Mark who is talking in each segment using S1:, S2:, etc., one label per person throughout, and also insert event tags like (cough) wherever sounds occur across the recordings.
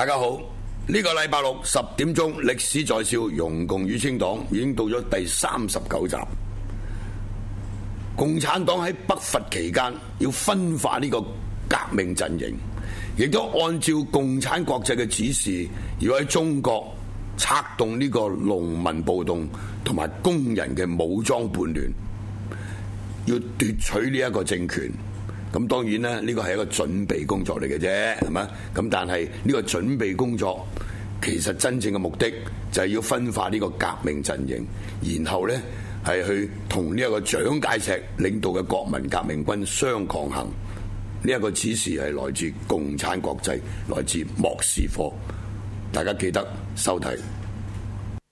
S1: 大家好，呢個禮拜六，十點鐘，歷史在笑，容共與清黨已經到咗第三十九集。共產黨喺北伐期間要分化呢個革命陣營，亦都按照共產國際嘅指示，要喺中國策動呢個農民暴動同埋工人嘅武裝叛亂，要奪取呢一個政權。咁當然啦，呢個係一個準備工作嚟嘅啫，係嘛？咁但係呢個準備工作其實真正嘅目的就係要分化呢個革命陣營，然後咧係去同呢一個蔣介石領導嘅國民革命軍相抗衡。呢一個指示係來自共產國際，來自莫斯科，大家記得收睇。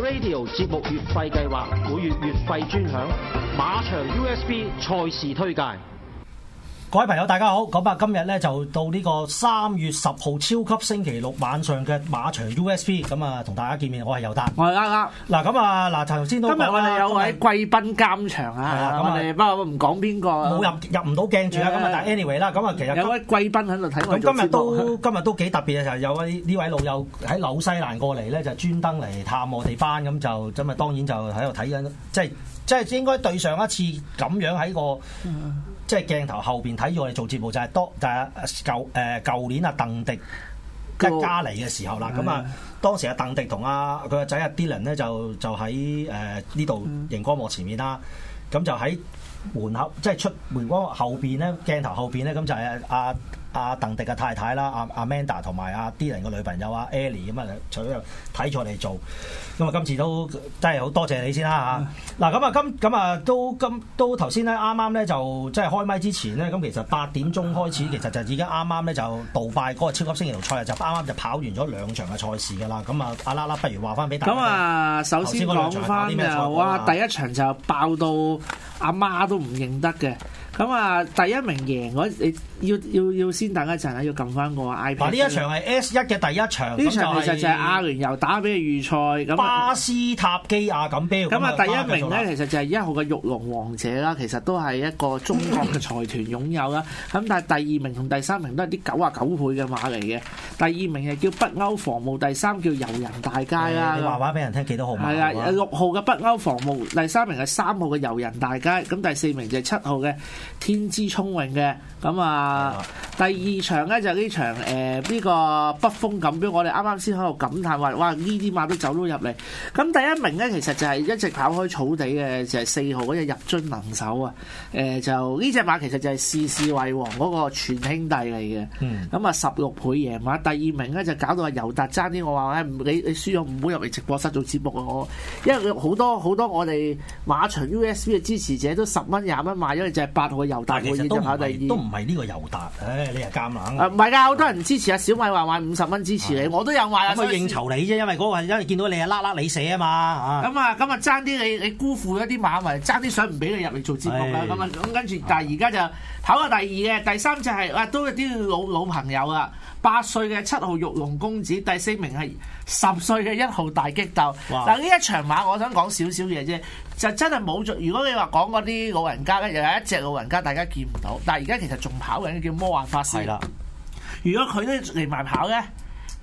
S2: Radio 節目月費計劃，每月月費專享，馬場 USB 賽事推介。各位朋友，大家好！咁啊，今日咧就到呢個三月十號超級星期六晚上嘅馬場 USB，咁啊同大家見面，我係尤達， (music) 我係 LakLak。嗱咁啊，嗱頭先都話過，今日我哋有位
S1: 貴賓監場啊，我哋
S2: 不唔講邊個。冇入入唔到鏡住啊，咁啊，啊 (music) 但係 anyway 啦，咁啊其實有
S1: 位貴賓喺度睇我。咁 (music) 今日都
S2: 今日都幾特別啊！就係有位呢位老友喺紐西蘭過嚟咧，就專登嚟探我哋班，咁就咁啊，當然就喺度睇緊，即係即係應該對上一次咁樣喺個。 (music) 即係鏡頭後邊睇住我哋做節目，就係多就係舊誒舊年啊，鄧迪一家嚟嘅時候啦，咁啊我，當時啊，鄧迪同啊，佢個仔阿 Dylan 咧，就就喺誒呢度熒光幕前面啦，咁就喺門口，即係出熒光幕後邊咧，鏡頭後邊咧、啊，咁就係阿。阿鄧迪嘅太太啦，阿阿 Manda 同埋阿 Dylan 嘅女朋友啊 Ellie 咁啊，除咗睇錯嚟做，咁啊今次都真係好多謝你先啦吓。嗱咁啊今咁啊都今都頭先咧啱啱咧就即係開麥之前咧，咁其實八點鐘開始其實就已經啱啱咧就杜拜嗰個超級星期六賽日，就啱啱就跑完咗兩場嘅賽事㗎喇。咁啊阿啦啦，不如話翻俾大家，咁啊首先我講翻就啊第一
S1: 場就爆到阿媽都唔認得嘅。咁啊，第一名贏咗，你要要要先等一陣啊，要撳翻個 iPad。呢一場係
S2: S 一嘅第一場，呢場、就係、其實就係阿
S1: 聯酋打吡預賽。巴斯塔基亞錦標。咁啊，第一名呢，其實就係一號嘅玉龍王者啦，其實都係一個中國嘅財團擁有啦。咁 (laughs) 但係第二名同第三名都係啲九啊九倍嘅馬嚟嘅。第二名係叫北歐防務，第三叫遊人大街啦、嗯。你話
S2: 話俾人聽幾多號馬？係啊，
S1: 六號嘅北歐防務，第三名係三號嘅遊人大街。咁第四名就係七號嘅。天資聰穎嘅，咁啊，嗯、第二場咧就呢場誒呢、呃這個北風錦標，我哋啱啱先喺度感嘆話，哇呢啲馬都走咗入嚟。咁第一名咧其實就係一直跑開草地嘅，就係、是、四號嗰隻入樽能手啊。誒、呃、就呢隻馬其實就係事事為王嗰個全兄弟嚟嘅。咁啊十六倍贏馬。第二名咧就搞到阿尤達爭啲，我話唉，唔你你輸咗唔好入嚟直播室做節目啊，我因為好多好多我哋馬場 USB 嘅支持者都十蚊廿蚊買咗，就係八。但其實個尤達會都唔係，都唔係呢個尤達，唉，
S2: 你係監硬。啊！
S1: 唔係㗎，好多人支持阿小米話買五十蚊支持你，我都有買啊！咁佢應酬你啫，因為嗰個因為見到你，見到你，你啊，拉拉你死啊
S2: 嘛嚇！
S1: 咁啊咁啊，爭啲你你辜負咗啲馬迷，爭啲想唔俾你入嚟做節目，哎、啊！咁啊咁跟住，但係而家就跑咗第二嘅，第三就係、是、哇、啊，都有啲老老朋友啊！八歲嘅七號玉龍公子，第四名係十歲嘅一號大激鬥。哇但呢一場馬，我想講少少嘢啫，就真係冇咗。如果你話講嗰啲老人家咧，又有一隻老人家大家見唔到，但係而家其實仲跑緊叫魔幻法師。係啦的，如果佢都嚟埋跑呢？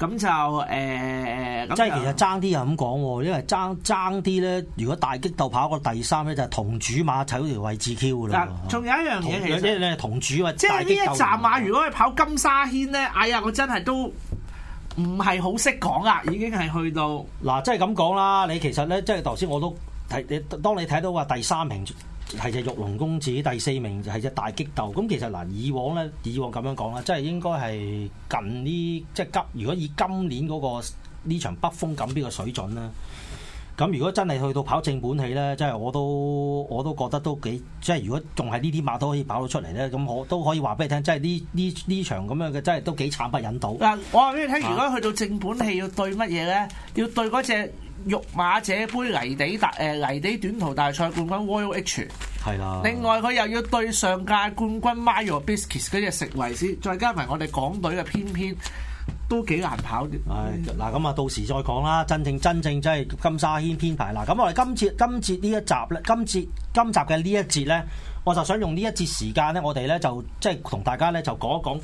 S1: 咁就誒，即、欸、係其實
S2: 爭啲又咁講喎，因為爭爭啲咧，如果大激鬥跑個第三咧，就係、是、同主馬踩到條位置 Q 噶啦。嗱，仲有一樣嘢同其實，即係呢一站
S1: 啊，如果佢跑金沙軒咧，哎呀，我真係都唔係好識
S2: 講啊，已經係去到嗱，即係咁講啦。你其實咧，即係頭先我都睇你，當你睇到話第三名。係隻玉龍公子第四名，就係隻大激鬥。咁其實嗱、啊，以往咧，以往咁樣講啦，即係應該係近呢，即係急。如果以今年嗰、那個呢場北風咁呢個水準啦，咁如果真係去到跑正本戲咧，真係我都我都覺得都幾。即係如果仲係呢啲馬都可以跑到出嚟咧，咁我都可以話俾你聽。即係呢呢呢場咁樣嘅，真係都幾慘不忍睹。嗱，我
S1: 話俾你聽，如果去到正本戲要對乜嘢咧？要對嗰隻。育馬者杯泥地大，誒，泥地短途大賽冠軍 Royal H，係啦的。另外佢又要對上屆冠軍 Mind Your Biscuits 嗰隻食為先，再加埋我哋港隊嘅，偏偏都幾難跑。係
S2: 嗱，咁啊到時再講啦。真正真正真係金沙軒編排嗱，咁我哋今次今次呢一集咧，今次今集嘅呢一節咧，我就想用呢一節時間咧，我哋咧就即係同大家咧就講一講。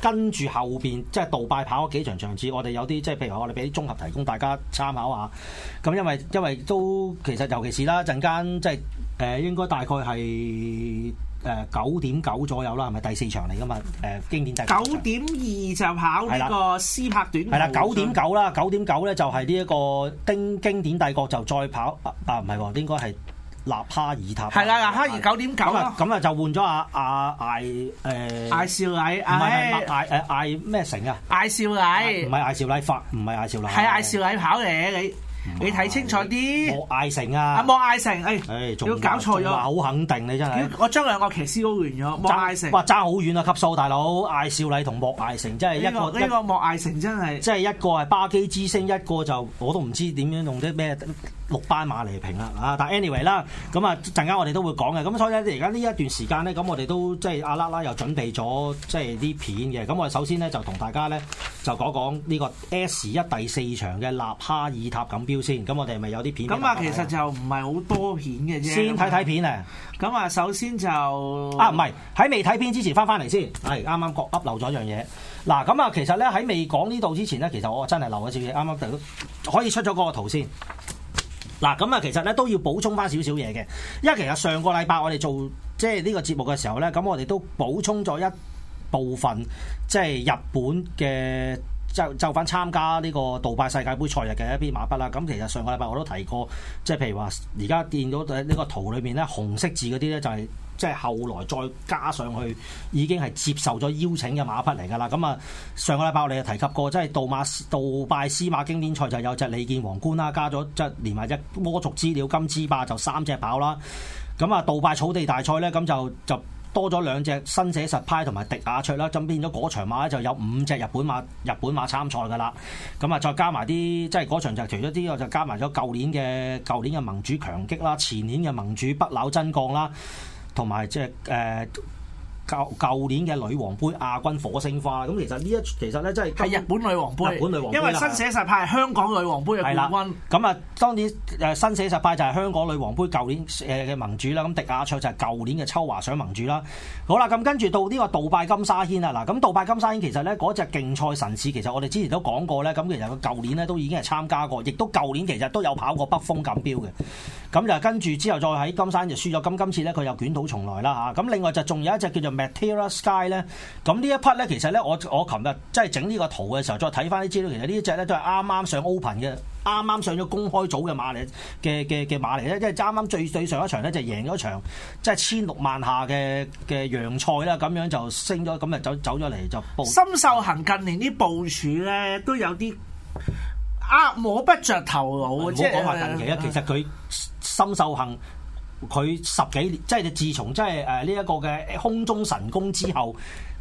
S2: 跟住後邊即係杜拜跑咗幾場場次，我哋有啲即係，譬如話我哋俾啲綜合提供大家參考下。咁因為因為都其實尤其是啦陣間即係誒、呃，應該大概係誒九點九左右啦，係咪第四場嚟㗎嘛？誒、呃、經典帝國，九
S1: 點二就跑呢個斯帕短跑，係啦九點九
S2: 啦，九點九咧就係呢一個經經典帝國就再跑啊唔係應該係。納哈爾塔係啦，
S1: 納哈爾九點九咯，
S2: 咁啊就換咗阿阿艾誒
S1: 艾兆禮，唔係艾誒艾咩成啊？艾兆禮唔係艾兆禮發，唔係艾兆禮，係艾兆禮跑嚟，你你睇清楚啲。莫艾成啊！啊莫艾成，仲要搞錯咗。好肯定你真係，我將兩個騎師攪亂咗。莫艾成哇爭好遠
S2: 啊！級數大佬，艾兆禮同莫艾成真係一個。呢個莫艾成真係，即係一個係巴基之星，一個就我都唔知點樣用啲咩。六班馬嚟平啦，啊！但 anyway 啦，咁啊陣間我哋都會講嘅。咁所以咧，而家呢一段時間咧，咁我哋都即係阿 LakLak 又準備咗即係啲片嘅。咁我哋首先咧就同大家咧就講講呢個 S 一第四場嘅納哈爾塔錦標先。咁我哋係咪有啲片？咁啊剛剛，其實
S1: 就唔係好多片嘅啫。先睇睇片啊！咁啊，首先
S2: 就啊，唔係喺未睇片之前翻翻嚟先。係啱啱閣噏留咗一樣嘢。嗱，咁啊，其實咧喺未講呢度之前咧，其實我真係留咗少嘢。啱啱可以出咗嗰個圖先。嗱，咁啊，其實咧都要補充返少少嘢嘅，因為其實上個禮拜我哋做即係呢個節目嘅時候咧，咁我哋都補充咗一部分即係日本嘅。就就翻參加呢個杜拜世界盃賽日嘅一啲馬匹啦，咁其實上個禮拜我都提過，即係譬如話，而家見到呢個圖裏面咧，紅色字嗰啲咧就係即係後來再加上去已經係接受咗邀請嘅馬匹嚟㗎啦。咁啊，上個禮拜我哋就提及過，即係杜馬杜拜司馬經典賽就有隻李健皇冠啦，加咗即係連埋一隻魔族資料金之霸就三隻飽啦。咁啊，杜拜草地大賽咧，咁就就。就多咗兩隻新寫實派同埋迪亞卓啦，咁變咗嗰場馬咧就有五隻日本馬日本馬，參賽㗎啦。咁啊，再加埋啲即係嗰場就除咗啲，我就加埋咗舊年嘅舊年嘅盟主強擊啦，前年嘅盟主不朽真降啦，同埋即係誒。呃舊舊年嘅女王杯亞軍火星花，咁其，其實呢一其實咧真係日本女王杯，日本女王杯，因為新寫實
S1: 派香港女王
S2: 杯嘅亞軍。咁啊，當年新寫實派就係香港女王杯舊年嘅盟主啦。咁迪亞卓就係舊年嘅秋華賞盟主啦。好啦，咁跟住到呢個杜拜金沙軒啊，嗱咁杜拜金沙軒其實呢嗰隻競賽神似，其實我哋之前都講過呢。咁其實佢舊年呢都已經係參加過，亦都舊年其實都有跑過北風錦標嘅。咁就跟住之後再喺金山就輸咗。咁今次呢，佢又捲土重來啦嚇。咁另外就仲有一隻叫做 Material Sky 咧，咁呢一 part 咧，其實咧，我我琴日即係整呢個圖嘅時候，再睇翻啲資料，其實呢一隻咧都係啱啱上 open 嘅，啱啱上咗公開組嘅馬嚟嘅嘅嘅馬嚟咧，即係啱啱最最上一場咧就贏咗場，即係千六萬下嘅嘅洋賽啦，咁樣就升
S1: 咗，咁就走走咗嚟就報。深秀行近年啲部署咧都有啲呃摸不着頭腦，唔好講話近期啊，其實佢深秀行。
S2: 佢十幾年，即係自從即係誒呢一個嘅空中神功之後，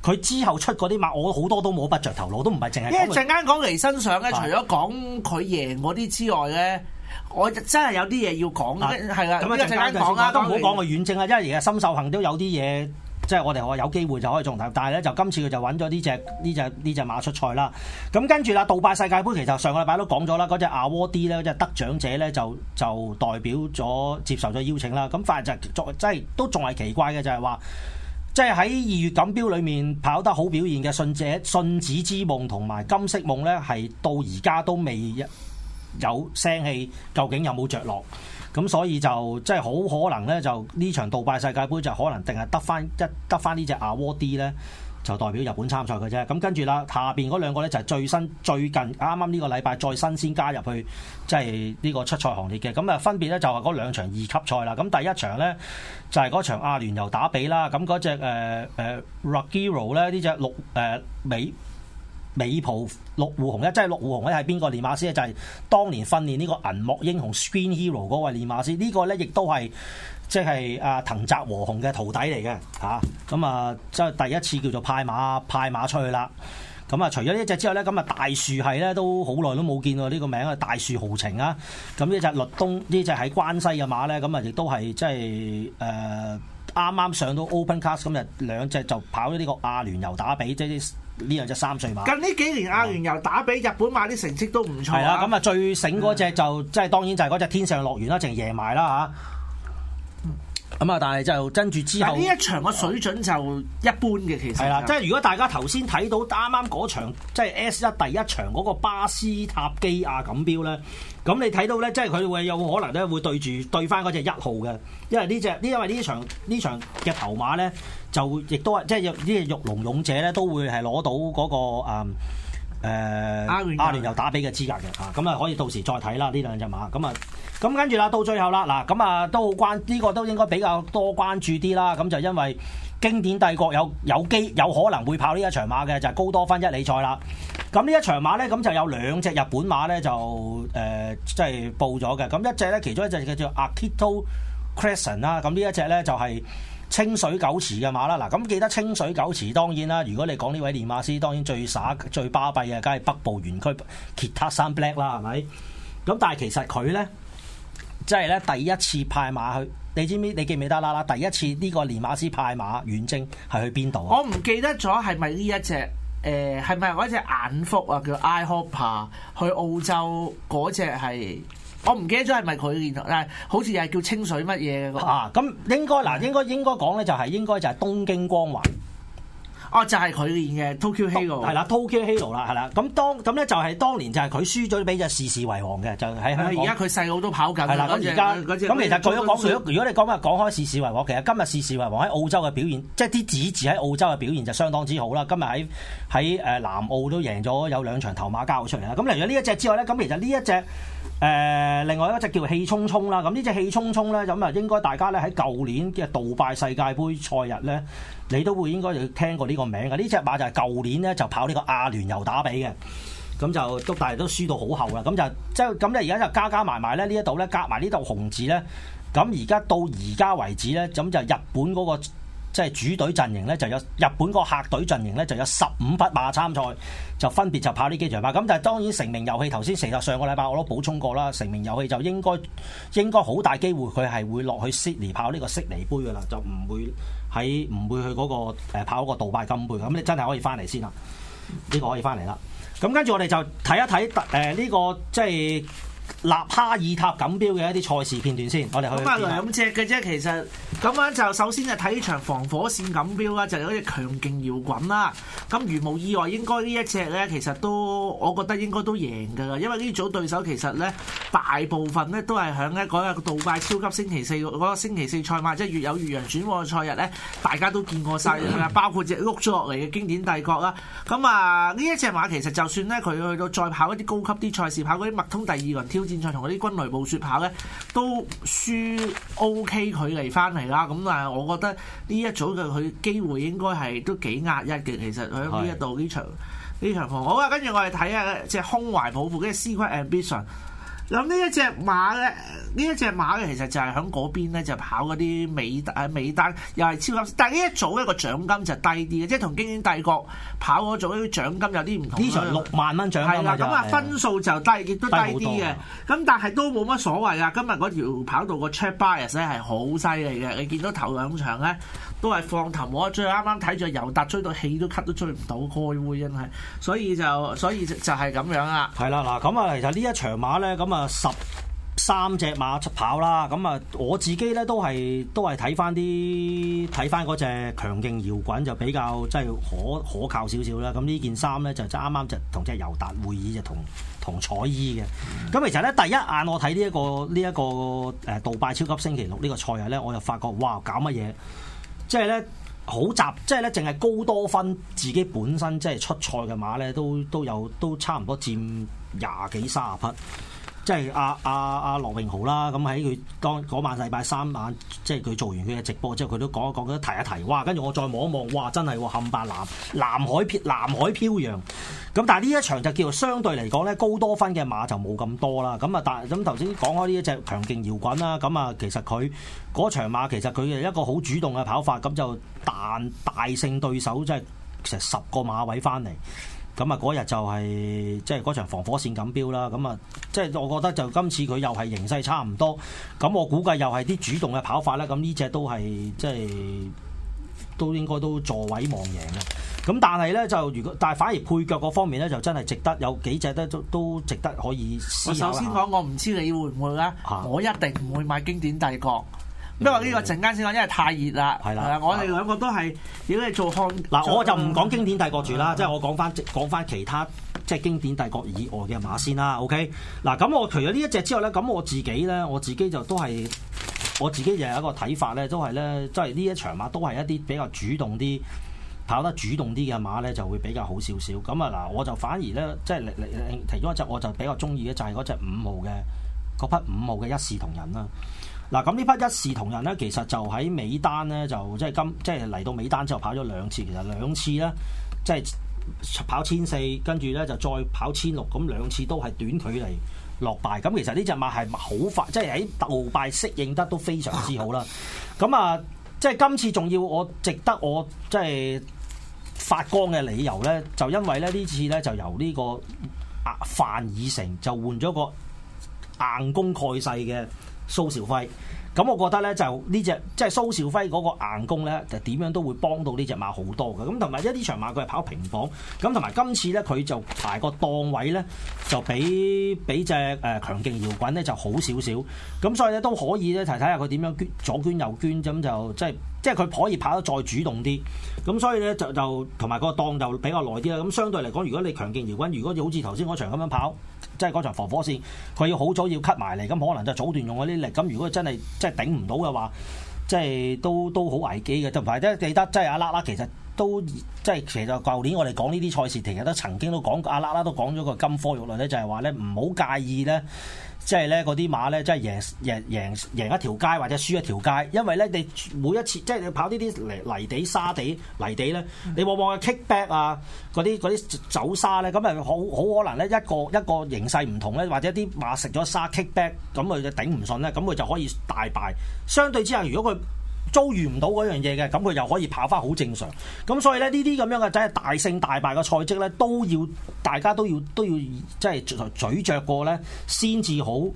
S2: 佢之後出嗰啲馬，我好多都摸不着頭腦，都唔係淨係一陣間
S1: 講嚟身上咧，吧除咗講佢贏嗰啲之外咧，我就真係有啲嘢要講嘅，係啦，咁一陣間講啊，都唔好講個
S2: 遠征啊，其因為而家深秀行都有啲嘢。即係我哋話有機會就可以仲睇，但係咧就今次佢就揾咗呢隻呢隻呢隻馬出賽啦。咁跟住啦，杜拜世界盃其實上個禮拜都講咗啦，嗰隻阿沃迪咧，即係得獎者咧就就代表咗接受咗邀請啦。咁反而就作即係都仲係奇怪嘅，就係話即係喺二月錦標裏面跑得好表現嘅信者信子之夢同埋金色夢咧，係到而家都未有聲氣，究竟有冇着落？咁所以就即係好可能咧，就呢場杜拜世界盃就可能定係得翻一得翻呢隻阿沃啲咧，就代表日本參賽嘅啫。咁跟住啦，下邊嗰兩個咧就係、是、最新最近啱啱呢個禮拜再新鮮加入去即係呢個出賽行列嘅。咁啊分別咧就係嗰兩場二級賽啦。咁第一場咧就係、是、嗰場阿聯酋打比啦。咁、那、嗰、個、隻誒、呃、誒 Ruggero 咧呢隻六誒美。美蒲六戶紅一，即係六戶紅一係邊個？練馬師咧就係當年訓練呢個銀幕英雄 Screen Hero 嗰位練馬師。呢、這個咧亦都係即係阿藤澤和雄嘅徒弟嚟嘅，吓、啊、咁啊，即係第一次叫做派馬派馬出去啦。咁啊，除咗呢隻之外咧，咁啊大樹係咧都好耐都冇見過。呢個名啊，大樹豪情啊。咁呢隻律東，呢隻喺關西嘅馬咧，咁啊亦都係即係誒啱啱上到 Open Class，今日兩隻就跑咗呢個阿聯酋打比，即係。呢兩隻三歲馬，近
S1: 呢幾年亞聯又打俾日本馬啲成績都唔錯、啊。係啦、
S2: 啊，咁啊最醒嗰隻就即係當然就係嗰隻天上樂園啦，淨係贏埋啦吓，咁啊，但係就跟住之後呢一場嘅水
S1: 準就一般嘅，其實係啦、啊。即係
S2: 如果大家頭先睇到啱啱嗰場即係、就是、S 一第一場嗰個巴斯塔基亞錦標咧，咁你睇到咧，即係佢會有可能咧會對住對翻嗰隻一號嘅，因為呢隻呢因為呢場呢場嘅頭馬咧。就亦都係，即係呢隻玉龍勇者咧，都會係攞到嗰、那個誒、啊呃、阿聯阿聯酋打比嘅資格嘅嚇，咁啊可以到時再睇啦呢兩隻馬，咁啊咁跟住啦到最後啦嗱，咁啊都好關呢、這個都應該比較多關注啲啦，咁就因為經典帝國有有機有可能會跑呢一場馬嘅，就係、是、高多分一哩賽啦。咁呢一場馬咧，咁就有兩隻日本馬咧就誒即係報咗嘅，咁一隻咧其中一隻叫做 Akito Crescent 啦，咁呢一隻咧就係、是。清水九池嘅馬啦，嗱咁記得清水九池當然啦。如果你講呢位練馬師，當然最耍最巴閉嘅梗係北部園區 Kitasan Black 啦，係咪？咁但係其實佢咧，即係咧第一次派馬去，你知唔知？你記唔記得啦？啦，第一次呢個練馬師派馬遠征係去邊度啊？我唔記得
S1: 咗係咪呢一隻？誒係咪嗰隻眼福啊？叫 Eye Hopper 去澳洲嗰隻係。我唔記得咗係咪佢連頭，但係好似又係叫清水乜嘢啊？咁應該嗱，應該應該講咧、就係，就係應該就係東京光環
S2: 哦，就係佢連嘅 Tokyo Halo，係啦 Tokyo Halo 啦，係啦。咁當咁咧就係當年就係佢輸咗俾隻事事為王嘅，就喺、是、香港。而家佢
S1: 細佬都跑緊啦。咁而家咁其實，如果講如果
S2: 如果你今日講,講開事事為王，其實今日事事為王喺澳洲嘅表現，即係啲指指喺澳洲嘅表,表現就相當之好啦。今日喺喺誒南澳都贏咗有兩場頭馬交出嚟啦。咁嚟咗呢一隻之外咧，咁其實呢一,一隻。誒，另外一隻叫氣沖沖啦，咁呢隻氣沖沖咧，咁啊應該大家咧喺舊年嘅杜拜世界盃賽日咧，你都會應該就聽過呢個名嘅，呢隻馬就係舊年咧就跑呢個阿聯酋打比嘅，咁就都但係都輸到好後啦，咁就即係咁咧，而家就，就，就加加埋埋咧呢一度咧，夾埋呢度紅字咧，咁而家到而家為止咧，咁就日本嗰、嗰個。即係主隊陣營咧，就有日本個客隊陣營咧，就有十五匹馬參賽，就分別就跑呢幾場馬。咁但係當然成名遊戲頭先成日上個禮拜我都補充過啦，成名遊戲就應該應該好大機會佢係會落去悉尼跑呢個悉尼杯噶啦，就唔會喺唔會去嗰、嗰個跑嗰個杜拜金杯。咁你真係可以翻嚟先啦，呢、呢個可以翻嚟啦。咁跟住我哋就睇一睇誒呢個
S1: 即係納哈爾塔錦標嘅一啲賽事片段先，我哋去返。咁啊兩隻嘅啫，其實。咁樣就首先就睇呢場防火線錦標啦，就有一隻強勁搖滾啦。咁如無意外，應該呢一隻咧，其實都我覺得應該都贏噶啦。因為呢組對手其實咧，大部分咧都係響咧嗰日杜拜超級星期四、嗰個星期四賽馬即係越有越陽轉賽日咧，大家都見過曬啦。包括隻碌咗落嚟嘅經典帝國啦。咁啊，呢一隻馬其實就算咧，佢去到再跑一啲高級啲賽事，跑嗰啲麥通第二輪挑戰賽同嗰啲君雷暴雪跑咧，都輸 OK 佢離翻嚟。啦，咁啊、嗯，我覺得呢一組嘅佢機會應該係都幾壓一嘅。其實佢喺呢一度呢是的 場呢場房，好啊，跟住我哋睇下即係胸懷抱負，跟住 Secret ambition。咁呢、嗯、一隻馬咧，呢一隻馬咧，其實就係喺嗰邊咧，就跑嗰啲尾誒尾單，又係超級，但係呢一組一個獎金就低啲嘅，即係同經典帝國跑嗰組獎金有啲唔同。呢場六萬蚊獎金係啦、啊，咁啊分數就低，亦都低啲嘅。咁、啊、但係都冇乜所謂啊！今日嗰條跑道個 Check Bias 咧係好犀利嘅，你見到頭兩場咧都係放頭，我追啱啱睇住尤達追到氣都咳都追唔到，開會真係，所以就所以就係咁樣啦。係啦，嗱咁啊，
S2: 其實呢一場馬咧咁啊～啊，十三隻馬出跑啦！咁啊，我自己咧都係都係睇翻啲睇翻嗰隻強勁搖滾就比較，即係、就是、可可靠少少啦。咁呢件衫咧就即啱啱就同隻尤達會議，就同同彩衣嘅。咁其實咧第一眼我睇呢一個呢一、呢個誒，杜拜超級星期六個賽呢個賽日咧，我就發覺哇，搞乜嘢？即係咧好雜，即係咧淨係高多芬自己本身即係出賽嘅馬咧，都都有都差唔多佔廿幾卅匹。即係阿阿阿羅永豪啦，咁喺佢當嗰晚禮拜三晚，即係佢做完佢嘅直播之後，佢都講一講，佢都提一提，哇！跟住我再望一望，哇！真係冚白藍，南海漂南海漂洋。咁但係呢一場就叫相對嚟講咧，高多分嘅馬就冇咁多啦。咁啊，但係咁頭先講開呢一隻強勁搖滾啦，咁啊，其實佢嗰場馬其實佢係一個好主動嘅跑法，咁就彈大勝對手，即係成十個馬位翻嚟。咁啊，嗰日就係即係嗰場防火線錦標啦，咁啊，即係我覺得就今次佢又係形勢差唔多，咁我估計又係啲主動嘅跑法咧，咁呢隻都係即係都應該都座位望贏嘅，咁但係咧就如果，但係反而配腳嗰方面咧就真係值得有幾隻都都都值得可以思考。首先
S1: 講，我唔知你會唔會啦，啊，我一定唔會買經典帝國。因為呢個陣間先講，因為太熱啦。係啦的，的我哋兩個都係如果你做康嗱，啊、做我就唔
S2: 講經典帝國住啦、啊，即係我講翻講翻其他即係經典帝國以外嘅馬先啦。OK，嗱、啊、咁我除咗呢一隻之外咧，咁我自己咧，我自己就都係我自己就有一個睇法咧，都係咧，即係呢一場馬都係一啲比較主動啲跑得主動啲嘅馬咧，就會比較好少少。咁啊嗱，我就反而咧，即係其中一隻，我就比較中意嘅就係嗰隻五號嘅嗰匹五號嘅一視同仁啦。嗱，咁呢匹一視同仁咧，其實就喺美丹咧，就即係今即係嚟到美丹之後跑咗兩次，其實兩次咧，即係跑千四，跟住咧就再跑千六，咁兩次都係短距離落敗。咁其實呢隻馬係好快， (laughs) 即係喺杜拜適應得都非常之好啦。咁啊， (laughs) 即係今次仲要我值得我即係發光嘅理由咧，就因為咧呢次咧就由呢個阿范以成就換咗個硬功蓋世嘅。蘇兆輝，咁我覺得咧就呢隻即係蘇兆輝嗰個硬功咧，就點樣都會幫到呢隻馬好多嘅。咁同埋一呢場馬佢係跑平磅。咁同埋今次咧佢就排個檔位咧就比比隻誒、呃、強勁搖滾咧就好少少，咁所以咧都可以咧睇睇下佢點樣捐左捐右捐，咁就即係即係佢可以跑得再主動啲，咁所以咧就就同埋個檔就比較耐啲啦。咁相對嚟講，如果你強勁搖滾，如果好似頭先嗰場咁樣跑。即係嗰場防火線，佢要好早要 cut 埋嚟，咁可能就早段用嗰啲力。咁如果真係即係頂唔到嘅話，即係都都好危機嘅，同埋呢即係記得，即係阿啦啦其實。都即係其實舊年我哋講呢啲賽事，成日都曾經都講過，阿拉拉都講咗個金科玉律咧，就係話咧唔好介意咧，即係咧嗰啲馬咧，即係贏贏贏贏一條街或者輸一條街，因為咧你每一次即係你跑呢啲泥泥地、沙地、泥地咧，你往往去 kickback 啊，嗰啲啲走沙咧，咁誒好好可能咧一個一個形勢唔同咧，或者啲馬食咗沙 kickback，咁佢就頂唔順咧，咁佢就可以大敗。相對之下，如果佢遭遇唔到嗰樣嘢嘅，咁佢又可以跑翻好正常。咁所以咧，呢啲咁樣嘅真係大勝大敗嘅賽績咧，都要大家都要都要即係咀嚼過咧，先至好誒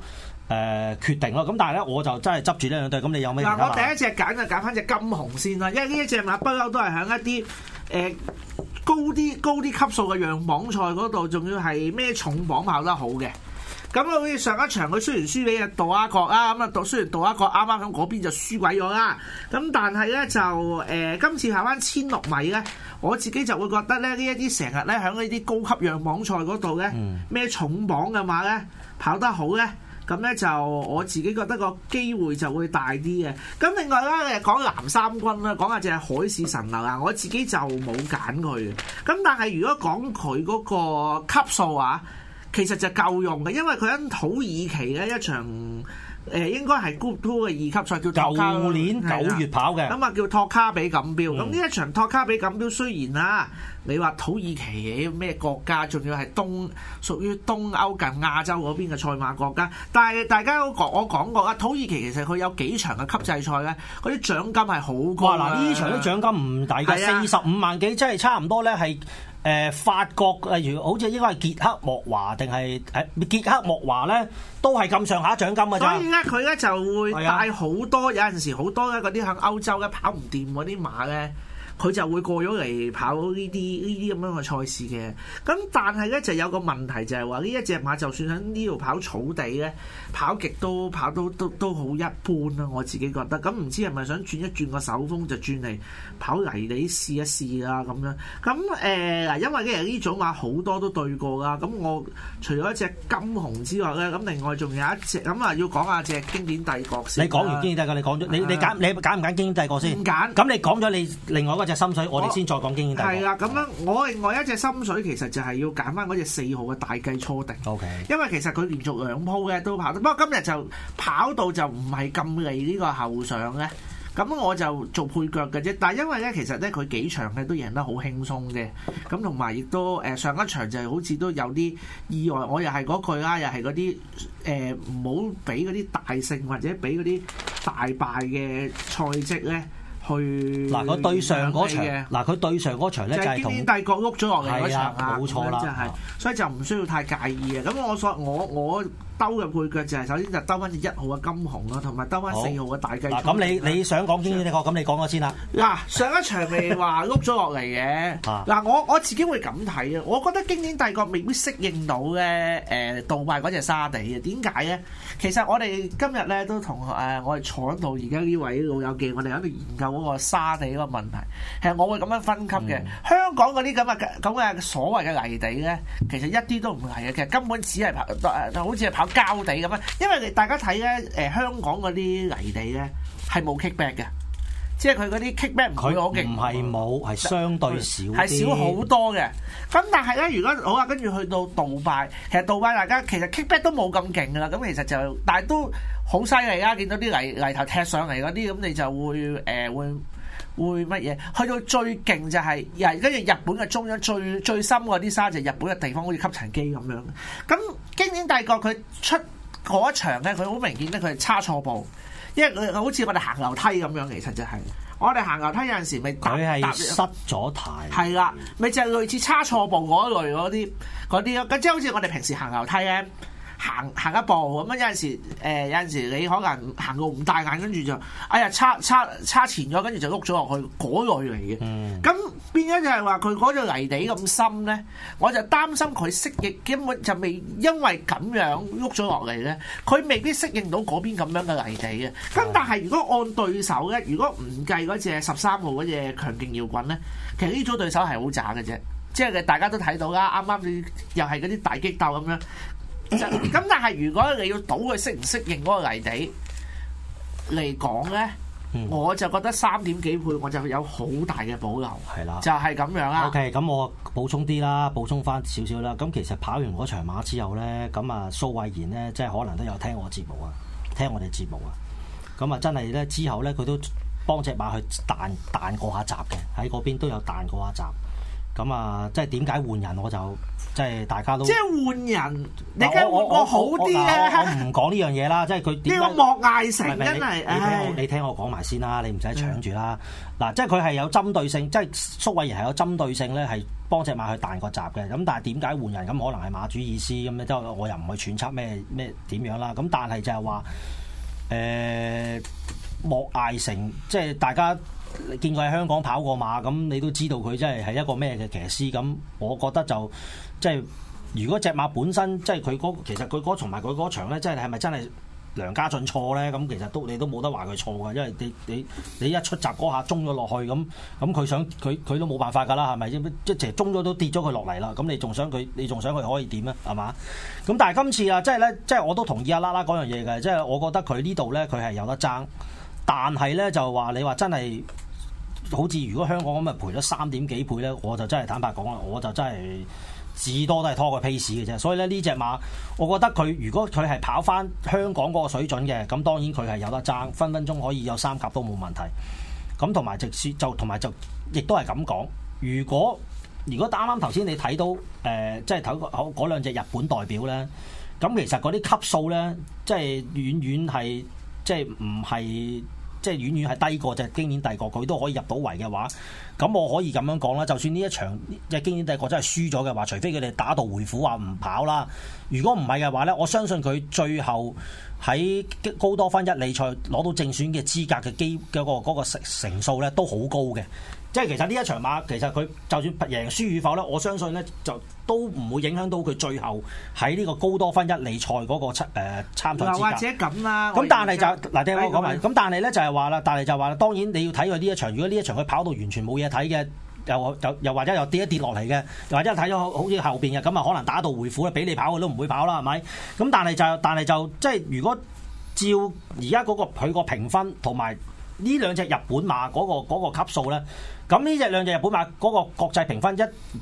S2: 決定咯。咁但係咧，我就真係執住呢兩對，咁你有咩？嗱，我第一
S1: 隻揀就揀翻隻金紅先啦，因為呢一隻馬不嬲都係喺一啲誒、呃、高啲高啲級數嘅讓磅賽嗰度，仲要係咩重磅跑得好嘅。咁啊，好似上一場佢雖然輸俾阿杜阿國啊，咁啊杜雖然杜阿國啱啱咁嗰邊就輸鬼咗啦，咁但係咧就誒、呃、今次行翻千六米咧，我自己就會覺得咧呢一啲成日咧喺呢啲高級讓磅賽嗰度咧，咩重磅嘅馬咧跑得好咧，咁咧就我自己覺得個機會就會大啲嘅。咁另外咧講南三軍啦，講下隻海市蜃樓啊，我自己就冇揀佢。咁但係如果講佢嗰個級數啊？其實就夠用嘅，因為佢喺土耳其嘅一場誒、呃，應該係 group two 嘅二級賽，叫舊年九月跑嘅，咁啊的、嗯、叫托卡比錦標。咁呢一場托卡比錦標雖然啊，你話土耳其咩國家，仲要係東屬於東歐近亞洲嗰邊嘅賽馬國家，但係大家都我我講過啊，土耳其其實佢有幾場嘅級制賽咧，嗰啲獎金係好高。嗱，呢場啲獎金唔大嘅，四十五萬幾，真係差唔多
S2: 咧，係。誒法國例如好似應該係傑克莫華定係誒傑克
S1: 莫華咧，都係咁上下獎金嘅啫！所以呃佢咧就會帶好多，的有陣時好多咧嗰啲喺歐洲嘅跑唔掂嗰啲馬咧。佢就會過咗嚟跑呢啲呢啲咁樣嘅賽事嘅，咁但係呢，就有個問題就係話呢一隻馬就算喺呢度跑草地呢跑極跑都跑到都都好一般啦，我自己覺得。咁唔知係咪想轉一轉個手風就轉嚟跑泥地試一試啦。咁樣？咁誒嗱，因為呢種馬好多都對過㗎。咁我除咗一隻金紅之外呢，咁另外仲有一隻，咁啊要講下隻經典帝國先。你講完經典帝國，你講咗，你你揀
S2: 你揀唔揀經典帝國先？揀、嗯。咁你講咗、嗯、你另外嗰隻。心水，我哋先再講經典。大。係
S1: 啦，咁樣我另外一隻心水其實就係要揀翻嗰隻四號嘅大計初定。O K。因為其實佢連續兩鋪嘅都跑得，不過今日就跑到就唔係咁利呢個後上咧。咁我就做配腳嘅啫。但係因為咧，其實咧佢幾場嘅都贏得好輕鬆嘅。咁同埋亦都誒、呃、上一場就好似都有啲意外。我又係嗰句啦，又係嗰啲誒唔好俾嗰啲大勝或者俾嗰啲大敗嘅賽績咧。去嗱，佢對上嗰場，
S2: 嗱佢對上嗰場咧就係同帝
S1: 國喐咗落嚟嗰場啊，冇錯啦，就係。所以就唔需要太介意啊。咁我所，我我。兜嘅配腳就係首先就兜翻隻一號嘅金紅啊，同埋兜翻四號嘅大雞。咁你
S2: 你想講經典帝國，咁你講咗先啦。
S1: 嗱，上一場未話碌咗落嚟嘅。嗱，我我自己會咁睇啊，我覺得經典帝國未必適應到咧誒，杜拜嗰隻沙地嘅點解咧？其實我哋今日咧都同誒我哋坐喺度而家呢位老友記，我哋喺度研究嗰個沙地嗰個問題。其實我會咁樣分級嘅，香港嗰啲咁啊咁啊所謂嘅泥地咧，其實一啲都唔係啊，其實根本只係跑誒，好似係跑，膠地咁樣，因為大家睇咧誒香港嗰啲泥地咧係冇 kickback 嘅，即係佢嗰啲 kickback 唔係好
S2: 勁，唔係冇，係相對少，係少好
S1: 多嘅。咁但係咧，如果好啊，跟住去到杜拜，其實杜拜大家其實 kickback 都冇咁勁噶啦。咁其實就，但係都好犀利啊！見到啲泥泥頭踢上嚟嗰啲，咁你就會誒會。會乜嘢？去到最勁就係、是，啊！跟住日本嘅中央最最深嗰啲山，就日本嘅地方，好似吸塵機咁樣。咁經典大國佢出嗰一場咧，佢好明顯咧，佢係差錯步，因為佢好似我哋行樓梯咁樣。其實就係、是、我哋行樓梯有陣時咪佢係踏失咗態。係啦，咪就係類似差錯步嗰類嗰啲嗰啲咯，即係好似我哋平時行樓梯咧。行行一步咁啊、嗯！有陣時誒、呃，有陣時你可能行路唔帶眼，跟住就哎呀，差差差前咗，跟住就碌咗落去嗰類嚟嘅。咁變咗就係話佢嗰個泥地咁深咧，我就擔心佢適應根本就未，因為咁樣碌咗落嚟咧，佢未必適應到嗰邊咁樣嘅泥地嘅。咁但係如果按對手咧，如果唔計嗰隻十三號嗰隻強勁搖滾咧，其實呢組對手係好渣嘅啫，即係大家都睇到啦。啱啱你又係嗰啲大激鬥咁樣。咁 (coughs) 但係如果你要賭佢適唔適應嗰個泥地嚟講咧，嗯、我就覺得三點幾倍我就有好大嘅保留。係啦的，就係咁樣啦。OK，
S2: 咁我補充啲啦，補充翻少少啦。咁其實跑完嗰場馬之後咧，咁啊蘇慧賢咧，即係可能都有聽我節目啊，聽我哋節目啊。咁啊真係咧之後咧，佢都幫隻馬去彈彈過下閘嘅，喺嗰邊都有彈過下閘。咁啊，即係點解換人我就？即係大家都，即係
S1: 換人，你而家換個
S2: 好啲咧、啊。我唔講呢樣嘢啦，即係佢呢個莫艾成真係，唉，你聽我講埋先啦，你唔使搶住啦。嗱，嗯、即係佢係有針對性，即係蘇慧賢係有針對性咧，係幫隻馬去彈個閘嘅。咁但係點解換人？咁可能係馬主意思咁咧。都我又唔去揣測咩咩點樣啦。咁但係就係話，誒、呃、莫艾成，即係大家。你見過喺香港跑過馬咁，你都知道佢真係係一個咩嘅騎師咁。我覺得就即係如果隻馬本身即係佢嗰其實佢嗰同埋佢嗰場咧，即係係咪真係梁家俊錯咧？咁其實都你都冇得話佢錯㗎，因為你你你一出閘嗰下中咗落去咁，咁佢想佢佢都冇辦法㗎啦，係咪即係中咗都跌咗佢落嚟啦，咁你仲想佢你仲想佢可以點啊？係嘛？咁但係今次啊，即係咧，即係我都同意阿拉拉嗰樣嘢嘅，即係我覺得佢呢度咧，佢係有得爭，但係咧就話你話真係。好似如果香港咁啊，賠咗三點幾倍呢，我就真係坦白講啦，我就真係至多都係拖個 pace 嘅啫。所以呢呢隻馬，我覺得佢如果佢係跑翻香港嗰個水準嘅，咁當然佢係有得爭，分分鐘可以有三級都冇問題。咁同埋直線就同埋就，亦都係咁講。如果如果啱啱頭先你睇到誒，即係睇個嗰兩隻日本代表呢，咁其實嗰啲級數呢，即係遠遠係即係唔係。就是即係遠遠係低過隻經典帝國，佢都可以入到圍嘅話，咁我可以咁樣講啦。就算呢一場隻經典帝國真係輸咗嘅話，除非佢哋打道回府話唔跑啦。如果唔係嘅話呢，我相信佢最後喺高多芬一哩賽攞到正選嘅資格嘅機會嗰個成成數呢都好高嘅。即係其實呢一場馬，其實佢就算贏輸與否咧，我相信咧就都唔會影響到佢最後喺呢個高多分一哩賽嗰個七誒參賽資格咁啦，咁、呃、但係就嗱聽我講埋，咁但係咧就係話啦，但係就話啦，當然你要睇佢呢一場。如果呢一場佢跑到完全冇嘢睇嘅，又又又或者又跌一跌落嚟嘅，又或者睇咗好似後邊嘅，咁啊可能打道回府咧，俾你跑佢都唔會跑啦，係咪？咁但係就但係就即係如果照而家嗰個佢個評分同埋呢兩隻日本馬嗰個嗰個級數咧。咁呢隻兩隻日本馬嗰個國際評分一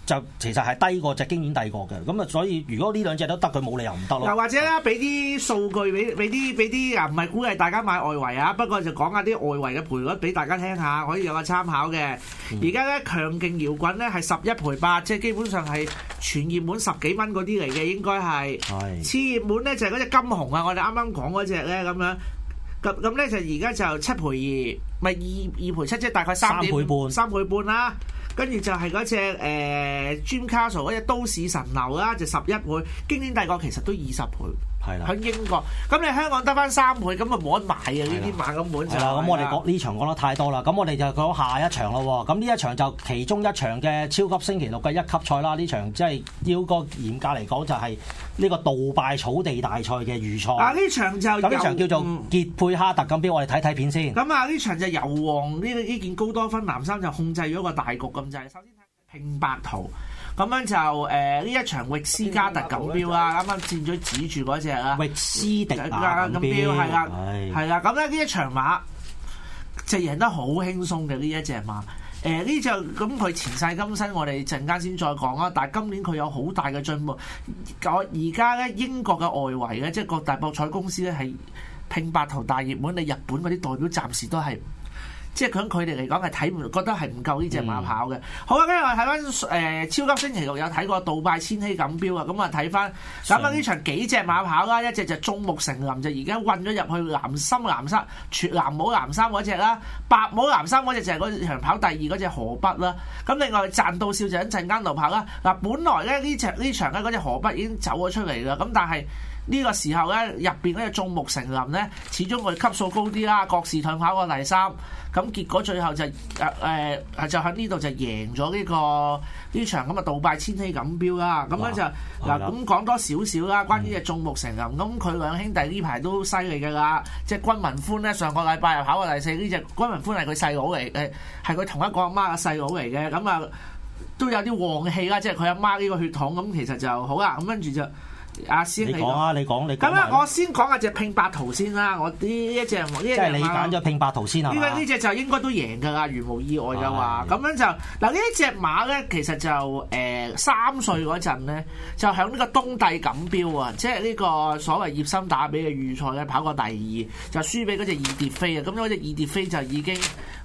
S2: 就其實係低過隻經典帝國嘅，咁啊所以如果呢兩隻都得，佢冇理由唔得咯。又或
S1: 者啊，俾啲數據俾俾啲俾啲啊，唔係估計大家買外圍啊，不過就講下啲外圍嘅賠率俾大家聽下，可以有個參考嘅。而家咧強勁搖滾咧係十一賠八，即係基本上係全熱門十幾蚊嗰啲嚟嘅應該係。係。次熱門咧就係嗰隻金紅啊，我哋啱啱講嗰隻咧咁樣。咁咁咧就而家就七倍二，咪二二倍七，即係大概三倍半，三倍半啦，跟住就係嗰隻誒專卡所嗰隻都市神流啦，就十一倍，經典大個其實都二十倍。係啦，喺、嗯、英國，咁你香港得翻三倍，咁啊冇得買啊！呢啲萬咁本係啦，咁我哋講呢
S2: 場講得太多啦，咁我哋就講下一場咯喎。咁呢一場就其中一場嘅超級星期六嘅一級賽啦。呢場即、就、係、是、要個嚴格嚟講，就係呢個杜拜草地大賽嘅預賽。啊，
S1: 呢場就呢場叫做傑佩哈特，咁俾、嗯嗯、我哋
S2: 睇睇片先。
S1: 咁啊、嗯，呢場就油王呢呢件高多芬藍衫就控制咗個大局咁滯、就是。首先睇拼白圖。咁樣就誒呢、呃、一場域斯加特錦標啊，啱啱箭咗指住嗰隻啊，域斯迪亞錦標係啦，係啦的，咁咧呢一場馬就贏得好輕鬆嘅呢一隻馬。誒呢隻咁佢前世今生我哋陣間先再講啦。但係今年佢有好大嘅進步。而家咧英國嘅外圍咧，即係各大博彩公司咧係拼八頭大熱門，你日本嗰啲代表暫時都係。即係響佢哋嚟講係睇唔覺得係唔夠呢隻馬跑嘅。嗯、好啦，跟住我睇翻誒超級星期六有睇過杜拜千禧錦標啊，咁啊睇翻，咁啊呢場幾隻馬跑啦？一隻就眾目成林，就而家韞咗入去藍森藍衫，全藍帽藍衫嗰隻啦，白帽藍衫嗰隻就係嗰場跑第二嗰隻河北啦。咁另外賺到少就一陣間就跑啦。嗱，本來咧呢場呢場咧隻河北已經走咗出嚟啦，咁但係。呢個時候咧，入邊嗰隻眾木成林咧，始終佢級數高啲啦。國士退跑個第三，咁結果最後就誒誒、呃呃，就喺呢度就贏咗呢、這個呢場。咁、嗯、嘅杜拜千禧錦標啦，咁咧哇就嗱，咁講、啊、多少少啦，關於隻眾木成林。咁佢、嗯、兩兄弟呢排都犀利㗎啦，即係君文歡咧，上個禮拜又跑個第四。呢、這、隻、個、君文歡係佢細佬嚟，誒係佢同一個阿媽嘅細佬嚟嘅。咁啊都有啲旺氣啦，即係佢阿媽呢個血統。咁其實就好啦、啊。咁跟住就。阿仙，你講啊！你
S2: 講你咁樣，我
S1: 先講下隻拼八圖先啦。我呢一隻，即係你揀咗
S2: 拼八圖先啊嘛？呢
S1: 隻就應該都贏㗎，如無意外就話。咁樣、哎、呀就嗱，隻呢隻馬咧，其實就誒三、呃、歲嗰陣咧，就喺呢個東帝錦標啊，即係呢個所謂葉森打吡嘅預賽咧，跑過第二，就輸俾嗰隻二蝶飛啊。咁嗰隻二蝶飛就已經。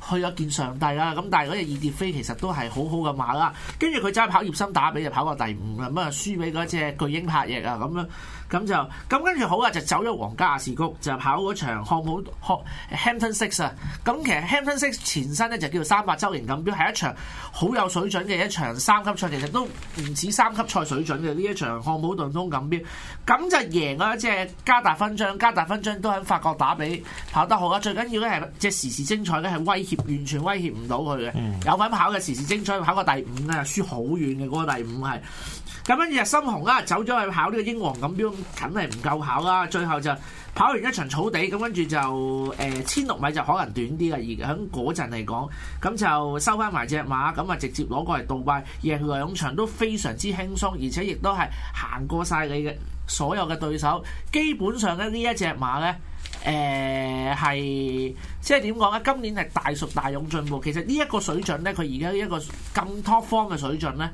S1: 去咗見上帝啦，咁但係嗰隻二蝶飛其實都係好好嘅馬啦，跟住佢走去跑葉森打吡就跑過第五啦，咁啊輸俾嗰隻巨鷹拍翼啊，咁啊。咁就咁跟住好啊，就走咗皇家亞士谷，就跑嗰場漢堡漢 Hampton Court 啊。咁其實 Hampton Court 前身咧就叫做三百周年錦標，係一場好有水準嘅一場三級賽，其實都唔止三級賽水準嘅呢一場漢普頓通錦標。咁就贏咗隻加大分章，加大分章都喺法國打比跑得好啊。最緊要咧係隻時事精彩咧係威脅，完全威脅唔到佢嘅。嗯、有份跑嘅時事精彩跑過第五咧、啊，輸好遠嘅嗰、嗰個第五係。咁跟住，深紅啦，走咗去考呢個英皇錦標，梗係唔夠考啦。最後就跑完一場草地，咁跟住就誒、呃、千六米就可能短啲嘅。而喺嗰陣嚟講，咁就收翻埋隻馬，咁啊直接攞過嚟杜拜贏兩場都非常之輕鬆，而且亦都係行過晒你嘅所有嘅對手。基本上咧呢一隻馬咧，誒、呃、係即係點講咧？今年係大熟大勇進步。其實呢一個水準咧，佢而家一個咁 top form 嘅水準咧。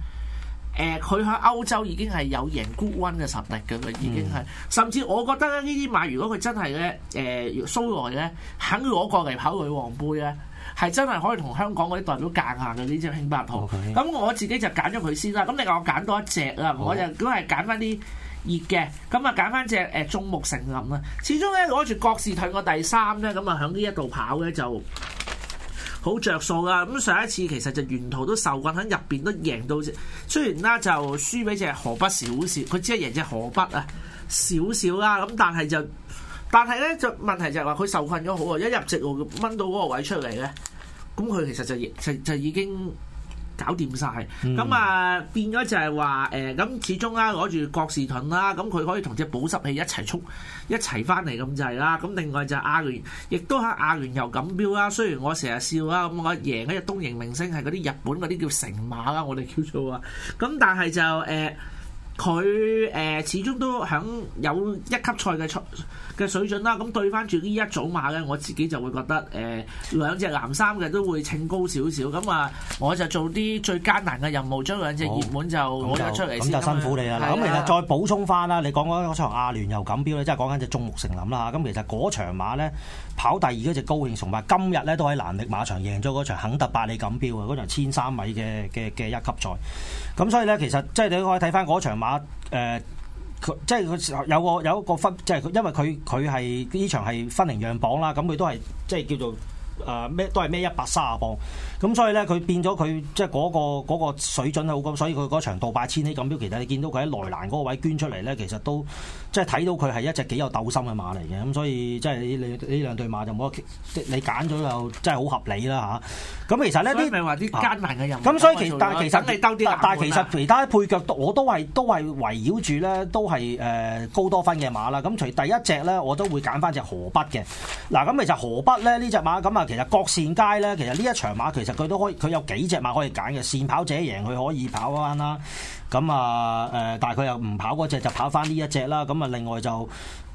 S1: 誒佢喺歐洲已經係有贏 Goodwin 嘅實力㗎喇，佢已經係，甚至我覺得咧呢啲馬，如果佢真係咧誒蘇萊咧肯攞過嚟跑女王杯咧，係真係可以同香港嗰啲代表抗衡嘅呢隻興八圖。咁我自己就揀咗佢先啦。咁另外我揀多一隻啊，我就都係揀翻啲熱嘅。咁啊揀翻隻誒中木成林啦。始終咧攞住國士退過第三咧，咁啊喺呢一度跑咧就。好着數噶，咁、嗯、上一次其實就沿途都受困喺入邊，面都贏到。雖然啦就輸俾隻河北少少，佢只係贏隻河北啊少少啦，咁、嗯、但係就但係咧就問題就係話佢受困咗好耐，一入直路掹到嗰個位出嚟咧，咁佢其實就就就已經。搞掂晒，咁啊、嗯、變咗就係話誒咁始終啦，攞住國士盾啦，咁佢可以同隻保濕器一齊衝一齊翻嚟咁就係、是、啦。咁另外就係亞聯，亦都係亞聯酋錦標啦。雖然我成日笑啊，咁我贏嗰隻東瀛明星係嗰啲日本嗰啲叫城馬啦，我哋叫做啊。咁但係就誒。欸。佢誒始終都響有一級賽嘅賽嘅水準啦，咁對翻住呢一組馬咧，我自己就會覺得誒、呃、兩隻藍衫嘅都會秤高少少，咁、嗯、啊我就做啲最艱難嘅任務，將兩隻熱門就攞得出嚟咁、哦、就，先就辛苦你啦。咁樣、啊、其實
S2: 再補充翻啦，你講嗰場阿聯酋錦標咧，即係講緊隻中木成林啦咁，其實嗰場馬咧跑第二嗰隻高興崇拜，今日咧都喺蘭域馬場贏咗嗰場肯特百里錦標啊！嗰場千三米嘅嘅嘅一級賽。咁所以咧，其實即係你可以睇翻嗰場馬，誒、呃，即係佢有個有一個分，即係因為佢佢係呢場係分齡讓磅啦，咁佢都係即係叫做誒咩、呃，都係咩一百三十磅。咁所以咧，佢變咗佢即係嗰個水準好高，所以佢嗰場杜拜千禧錦標，其實你見到佢喺內欄嗰個位捐出嚟咧，其實都即係睇到佢係一隻幾有鬥心嘅馬嚟嘅。咁所以即係呢，你呢兩對馬就冇得，你揀咗又真係好合理啦嚇。咁其實咧
S1: 啲，艱難嘅人？咁所以其但係其實，但係其實
S2: 其他配腳我都係都係圍繞住咧，都係誒高多分嘅馬啦。咁除第一隻咧，我都會揀翻隻河北嘅。嗱，咁其實河北咧呢隻馬，咁啊其實郭善街咧，其實呢一場馬其實。佢都可以，佢有幾隻馬可以揀嘅。善跑者贏，佢可以跑翻啦。咁啊，誒，但係佢又唔跑嗰隻，就跑翻呢一隻啦。咁啊，另外就。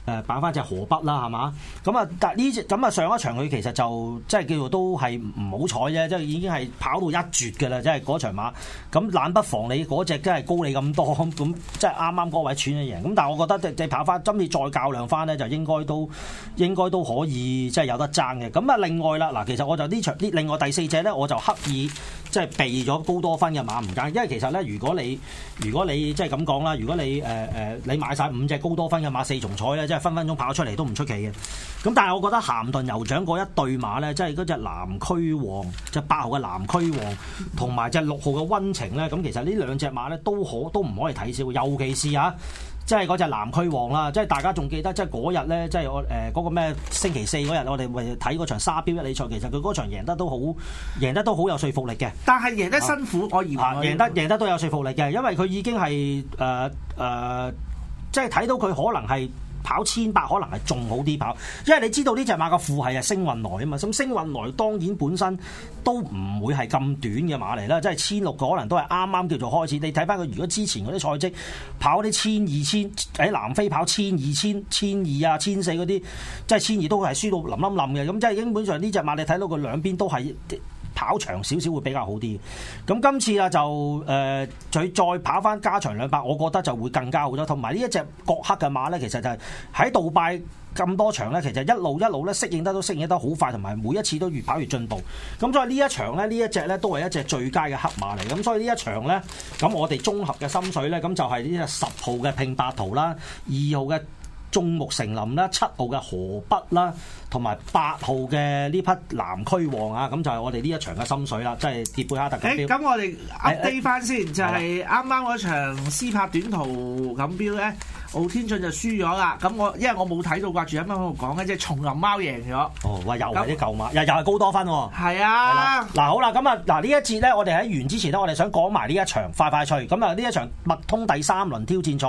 S2: 誒擺翻隻河北啦，係嘛？咁啊，但呢隻咁啊，上一場佢其實就即係叫做都係唔好彩啫，即係已經係跑到一絕嘅啦，即係嗰場馬。咁懶不妨你嗰隻真係高你咁多，咁即係啱啱嗰位穿嘅贏。咁但係我覺得即係跑翻，今次再較量翻咧，就應該都應該都可以，即係有得爭嘅。咁啊，另外啦，嗱，其實我就呢場啲另外第四隻咧，我就刻意。即係避咗高多分嘅馬唔揀，因為其實咧，如果你如果你即係咁講啦，如果你誒誒你、呃、你買晒五隻高多分嘅馬四重彩咧，即係分分鐘跑出嚟都唔出奇嘅。咁但係我覺得鹹頓酋長嗰一對馬咧，即係嗰隻藍驅王即係八號嘅藍驅王同埋隻六號嘅温情咧，咁其實呢兩隻馬咧都可都唔可以睇少，尤其是嚇。即係嗰隻南區王啦，即係大家仲記得，即係嗰日咧，即係我誒嗰個咩星期四嗰日，我哋為睇嗰場沙標一哩賽，其實佢嗰場贏得都好，贏得都好有說服力嘅。但係贏得辛苦，啊、我而家贏得贏得都有說服力嘅，因為佢已經係誒誒，即係睇到佢可能係。跑千八可能係仲好啲跑。因為你知道呢隻馬個父係啊星雲來啊嘛，咁星雲來當然本身都唔會係咁短嘅馬嚟啦，即係千六個可能都係啱啱叫做開始。你睇翻佢如果之前嗰啲賽績跑啲千二千喺南非跑千二千千二啊千四嗰啲，即係千二都係輸到冧冧冧嘅，咁即係基本上呢隻馬你睇到佢兩邊都係。跑長少少會比較好啲，咁今次啊就誒再、呃、再跑翻加長兩百，我覺得就會更加好咗。同埋呢一隻國黑嘅馬呢，其實就係喺杜拜咁多場呢，其實一路一路呢，適應得都適應得好快，同埋每一次都越跑越進步。咁所以呢一場呢，呢一隻呢，都係一隻最佳嘅黑馬嚟。咁所以呢一場呢，咁我哋綜合嘅心水呢，咁就係呢隻十號嘅拼白圖啦，二號嘅鍾木成林啦，七號嘅河北啦。同埋八號嘅呢匹南區王啊，咁就係我哋呢一場嘅心水啦、啊，即係傑貝哈特錦標。誒、欸，咁
S1: 我哋 update 翻先，欸欸、就係啱啱嗰場斯帕短途錦標咧，敖天俊就輸咗啦。咁我因為我冇睇到掛住喺蚊嗰度講咧，隻松林貓贏咗。哦，
S2: 喂，又或者舊馬，那又
S1: 又係高多分喎。
S2: 係啊，嗱、啊啊、好啦，咁啊嗱呢一節咧，我哋喺完之前呢，我哋想講埋呢一場快快脆。咁啊呢一場麥通第三輪挑戰賽，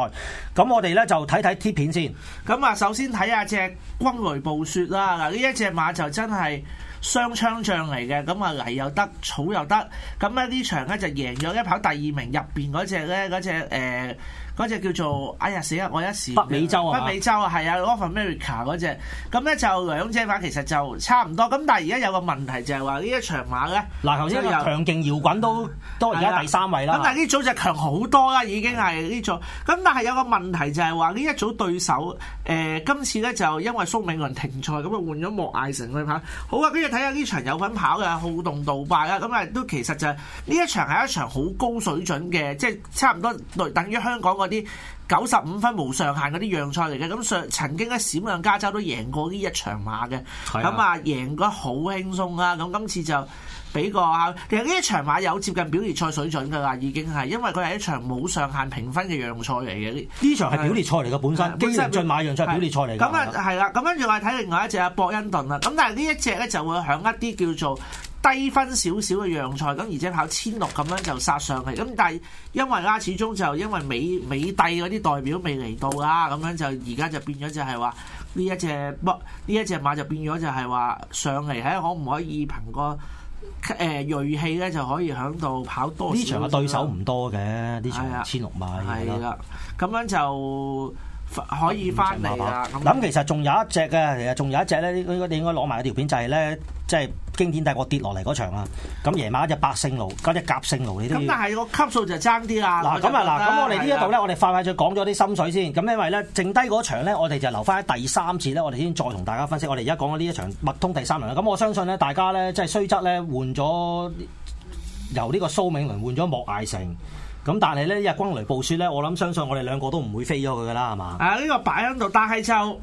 S2: 咁我哋咧就睇睇貼片先。咁啊
S1: 首先睇下隻轟雷暴雪啦、啊。嗱呢一隻馬就真係雙槍將嚟嘅，咁啊泥又得，草又得，咁咧呢場呢，就贏咗一跑第二名入邊嗰隻呢，嗰隻誒。呃嗰隻叫做哎呀死啦！我一時北美洲北美洲啊，係啊，North America 嗰隻咁咧就兩隻馬其實就差唔多咁，但係而家有個問題就係話呢一場馬咧嗱，頭先、啊、強勁搖滾都、嗯、都而家第三位啦，咁但係呢組就強好多啦，已經係呢組咁，但係有個問題就係話呢一組對手誒、呃，今次咧就因為蘇銘倫停賽，咁啊換咗莫艾成去跑。好啊，跟住睇下呢場有份跑嘅好動道霸啦，咁啊都其實就呢一場係一場好高水準嘅，即係差唔多等於香港嗰啲九十五分無上限嗰啲讓賽嚟嘅，咁上曾經喺閃亮加州都贏過呢一場馬嘅，咁是啊，啊贏得好輕鬆啊，咁今次就。俾過啊，其實呢一場馬有接近表列賽水準噶啦，已經係因為佢係一場冇上限評分嘅讓賽嚟嘅。呢呢場係表列賽嚟嘅本身，本身基於盡馬讓賽表列賽嚟嘅。咁啊，係啦。咁跟住我睇另外一隻啊，博恩頓啦。咁但係呢一隻咧就會喺一啲叫做低分少少嘅讓賽，咁而且跑千六咁樣就殺上嚟。咁但係因為啦，始終就因為美美帝嗰啲代表未嚟到啦，咁樣就而家就變咗就係話呢一隻呢一隻馬就變咗就係話上嚟喺可唔可以憑個？誒銳氣咧就可以響度跑多啲啦。呢場嘅對手唔
S2: 多嘅，呢了場千六米。係啦
S1: 了，咁的樣就。可以翻嚟啦。
S2: 咁其實仲有一隻嘅，仲有一隻咧，應該你應該攞埋條片就係、是、咧，即、就、係、是、經典帝國跌落嚟嗰場啊。咁夜晚一隻百姓奴，隻甲勝奴，呢啲，咁但
S1: 係個級數就爭啲啦。嗱，咁啊，嗱那，咁我哋呢是的 我一度
S2: 咧，我哋快快再講咗啲心水先。咁因為咧，剩低嗰場咧，我哋就留翻喺第三次咧，我哋先再同大家分析。我哋而家講緊呢一場密通第三輪啦。咁我相信咧，大家咧即係雖則咧換咗由呢個蘇銘倫換咗莫艾成。咁但係咧，日君雷暴雪咧，我諗相信我哋兩個都唔會飛咗佢噶啦，係嘛？啊！呢個擺喺度，但係就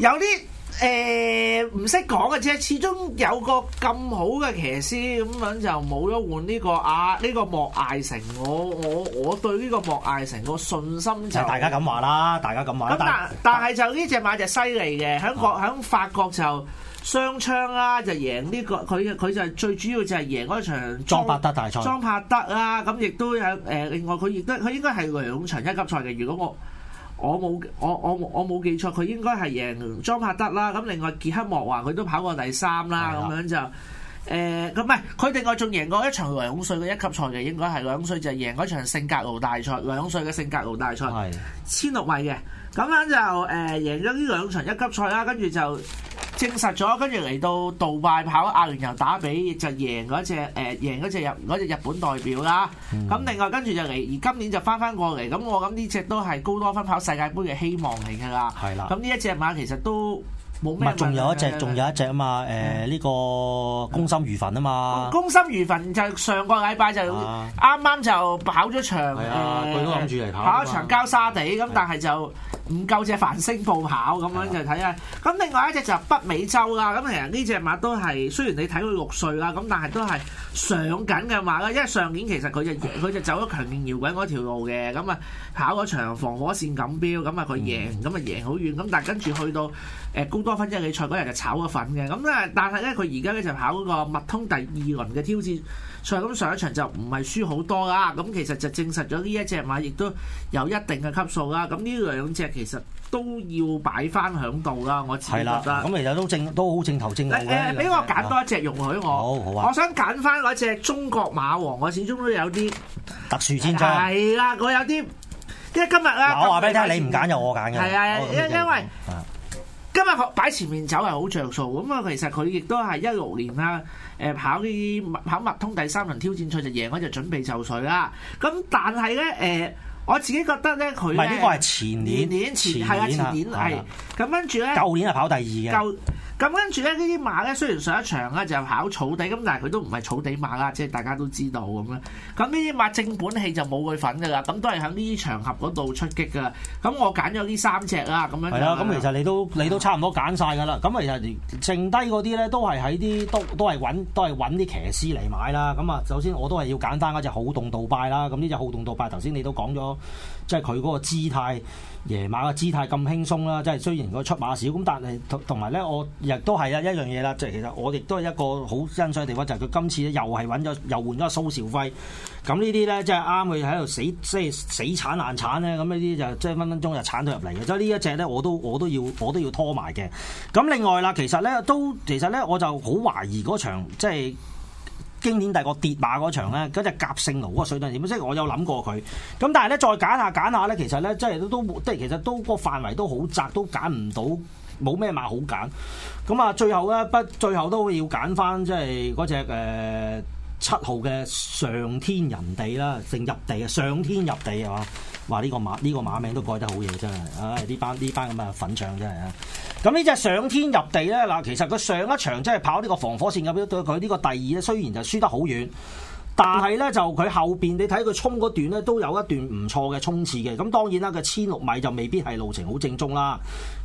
S1: 有啲。誒唔識講嘅啫，始終有個咁好嘅騎師咁樣就冇咗換呢、這個啊呢、這個莫艾成，我我我對呢個莫艾成個信心就大家咁話啦，大家咁話。咁那但但係就呢隻馬就犀利嘅，喺國喺法國就雙槍啦、啊，就贏呢、這個佢佢就最主要就係贏嗰場莊柏德大賽，莊柏德啊，咁亦都有誒、呃，另外佢亦都佢應該係兩場一級賽嘅，如果我。我冇我我我冇記錯，佢應該係贏莊柏德啦。咁另外傑克莫華佢都跑過第三啦，咁的樣就誒，咁唔係佢另外仲贏過一場兩歲嘅一級賽嘅，應該係兩歲就係贏嗰場聖格路大賽，兩歲嘅聖格路大賽，千六米嘅。咁樣就誒、呃、贏咗呢兩場一級賽啦，跟住就。證實咗，跟住嚟到杜拜跑亞聯酋打比就贏嗰隻誒贏隻日隻日本代表啦。咁、嗯、另外跟住就嚟，而今年就翻翻過嚟。咁我諗呢隻都係高多分跑世界盃嘅希望嚟㗎啦。係啦、嗯。咁呢一隻馬其實都冇咩。咪仲有一隻，仲有
S2: 一隻啊嘛誒呢、呃嗯、個攻心如焚啊嘛、嗯。攻
S1: 心如焚就上個禮拜就啱啱就跑咗場嚟、啊呃、跑、啊、跑咗場膠沙地咁，但係就。唔夠隻繁星步跑咁樣就睇下。咁另外一隻就北美洲啦。咁其實呢隻馬都係雖然你睇佢六歲啦，咁但係都係上緊嘅馬啦。因為上年其實佢就佢就走咗強勁搖滾嗰條路嘅，咁啊跑咗場防火線錦標，咁啊佢贏，咁啊贏好遠。咁但係跟住去到誒高多芬一哩賽嗰日就炒咗粉嘅咁啊。但係咧佢而家咧就跑嗰個麥通第二輪嘅挑戰。咁上一場就唔係輸好多啦，咁其實就證實咗呢一隻馬亦都有一定嘅級數啦。咁呢兩隻其實都要擺翻響度啦。我自己覺得咁其實都正都好正頭正腳嘅。俾我揀多一隻容許我，我想揀翻嗰隻中國馬王。我始終都有啲特殊戰車。係啦，我有啲，因為今日啊，我話俾你聽，你唔揀就我揀嘅。係啊，因因為今日擺前面走係好着數。咁啊，其實佢亦都係一六年啦。誒跑啲跑麥通第三輪挑戰賽就贏，我就準備就緒啦，咁但係咧誒，我自己覺得咧佢唔係呢個係前年，年，年前係啊前年係、啊，咁跟住咧舊年係跑第二嘅。咁跟住咧，呢啲馬咧雖然上一場咧就考草地，咁但係佢都唔係草地馬啦，即係大家都知道咁樣。咁呢啲馬正本戲就冇佢份噶啦，咁都係喺呢啲場合嗰度出擊噶。咁我揀咗呢三隻啦，咁的樣係啊。咁其實你
S2: 都你都差唔多揀晒噶啦。咁、嗯、其實，剩低嗰啲咧都係喺啲都都係揾都係揾啲騎師嚟買啦。咁啊，首先我都係要揀翻一隻好動杜拜啦。咁呢隻好動杜拜頭先你都講咗，即係佢嗰個姿態，夜馬嘅姿態咁輕鬆啦。即係雖然佢出馬少，咁但係同同埋咧我。亦都係啦，一樣嘢啦，即係其實我亦都係一個好欣賞嘅地方，就係佢今次咧又係揾咗又換咗蘇兆輝，咁呢啲咧即係啱佢喺度死即係死鏟爛鏟咧，咁呢啲就即係分分鐘就鏟到入嚟嘅，所以呢一隻咧我都我都要我都要拖埋嘅。咁另外啦，其實咧都其實咧我就好懷疑嗰場即係經典大二個跌馬嗰場咧，嗰隻甲性爐嗰個水準點？即係我有諗過佢，咁但係咧再揀下揀下咧，其實咧即係都都即係其實都，其實都個範圍都好窄，都揀唔到。冇咩馬好揀，咁啊最後咧不最後都要揀翻即係嗰隻誒七號嘅上天人地啦，正入地嘅上天入地啊，嘛？話、這、呢個馬呢、呢個馬名都改得好嘢，真係，唉呢班呢班咁嘅粉腸真係啊！咁呢隻上天入地咧嗱，其實佢上一場真係跑呢個防火線入邊對佢呢個第二咧，雖然就輸得好遠。但係呢，就佢後邊你睇佢衝嗰段呢，都有一段唔錯嘅衝刺嘅。咁當然啦，佢千六米就未必係路程好正宗啦。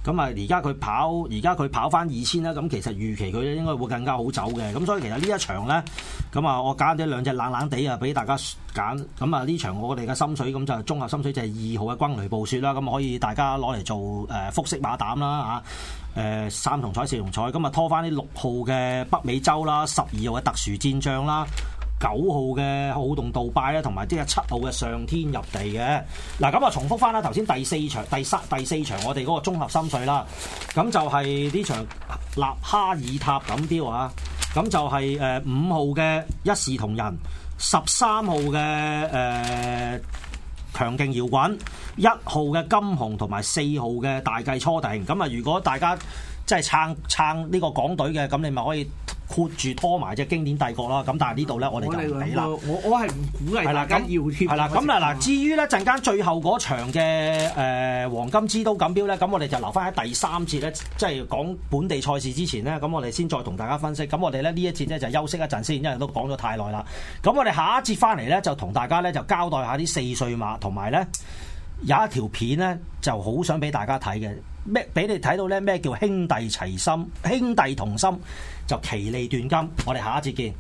S2: 咁啊，而家佢跑，而家佢跑翻二千啦。咁其實預期佢咧應該會更加好走嘅。咁所以其實呢一場呢，咁啊，我揀咗兩隻冷冷地啊，俾大家揀。咁啊，呢場我哋嘅心水咁就綜合心水就係二號嘅轟雷暴雪啦。咁可以大家攞嚟做誒複式馬膽啦嚇。三重彩四重彩。咁啊拖翻啲六號嘅北美洲啦，十二號嘅特殊戰將啦。九號嘅好動杜拜啦，同埋即係七號嘅上天入地嘅。嗱，咁啊重複翻啦，頭先第四場、第三、第四場我哋嗰個綜合心水啦。咁就係呢場納哈爾塔錦標啊。咁就係誒五號嘅一視同仁，十三號嘅誒、呃、強勁搖滾，一號嘅金紅同埋四號嘅大計初定。咁啊，如果大家即係撐撐呢個港隊嘅，咁你咪可以。括住拖埋即係經典帝國啦，咁但係呢度咧，我哋就唔俾啦。
S1: 我我係唔鼓勵大家的要貼。係啦，咁啊
S2: 嗱，至於咧陣間最後嗰場嘅誒、呃、黃金之都錦標咧，咁我哋就留翻喺第三節咧，即係講本地賽事之前咧，咁我哋先再同大家分析。咁我哋咧呢一節咧就休息一陣先，因為都講咗太耐啦。咁我哋下一節翻嚟咧就同大家咧就交代下啲四歲馬，同埋咧有一條片咧就好想俾大家睇嘅。咩俾你睇到咧？咩叫兄弟齊心，兄弟同心就其利斷金。我哋下一節見。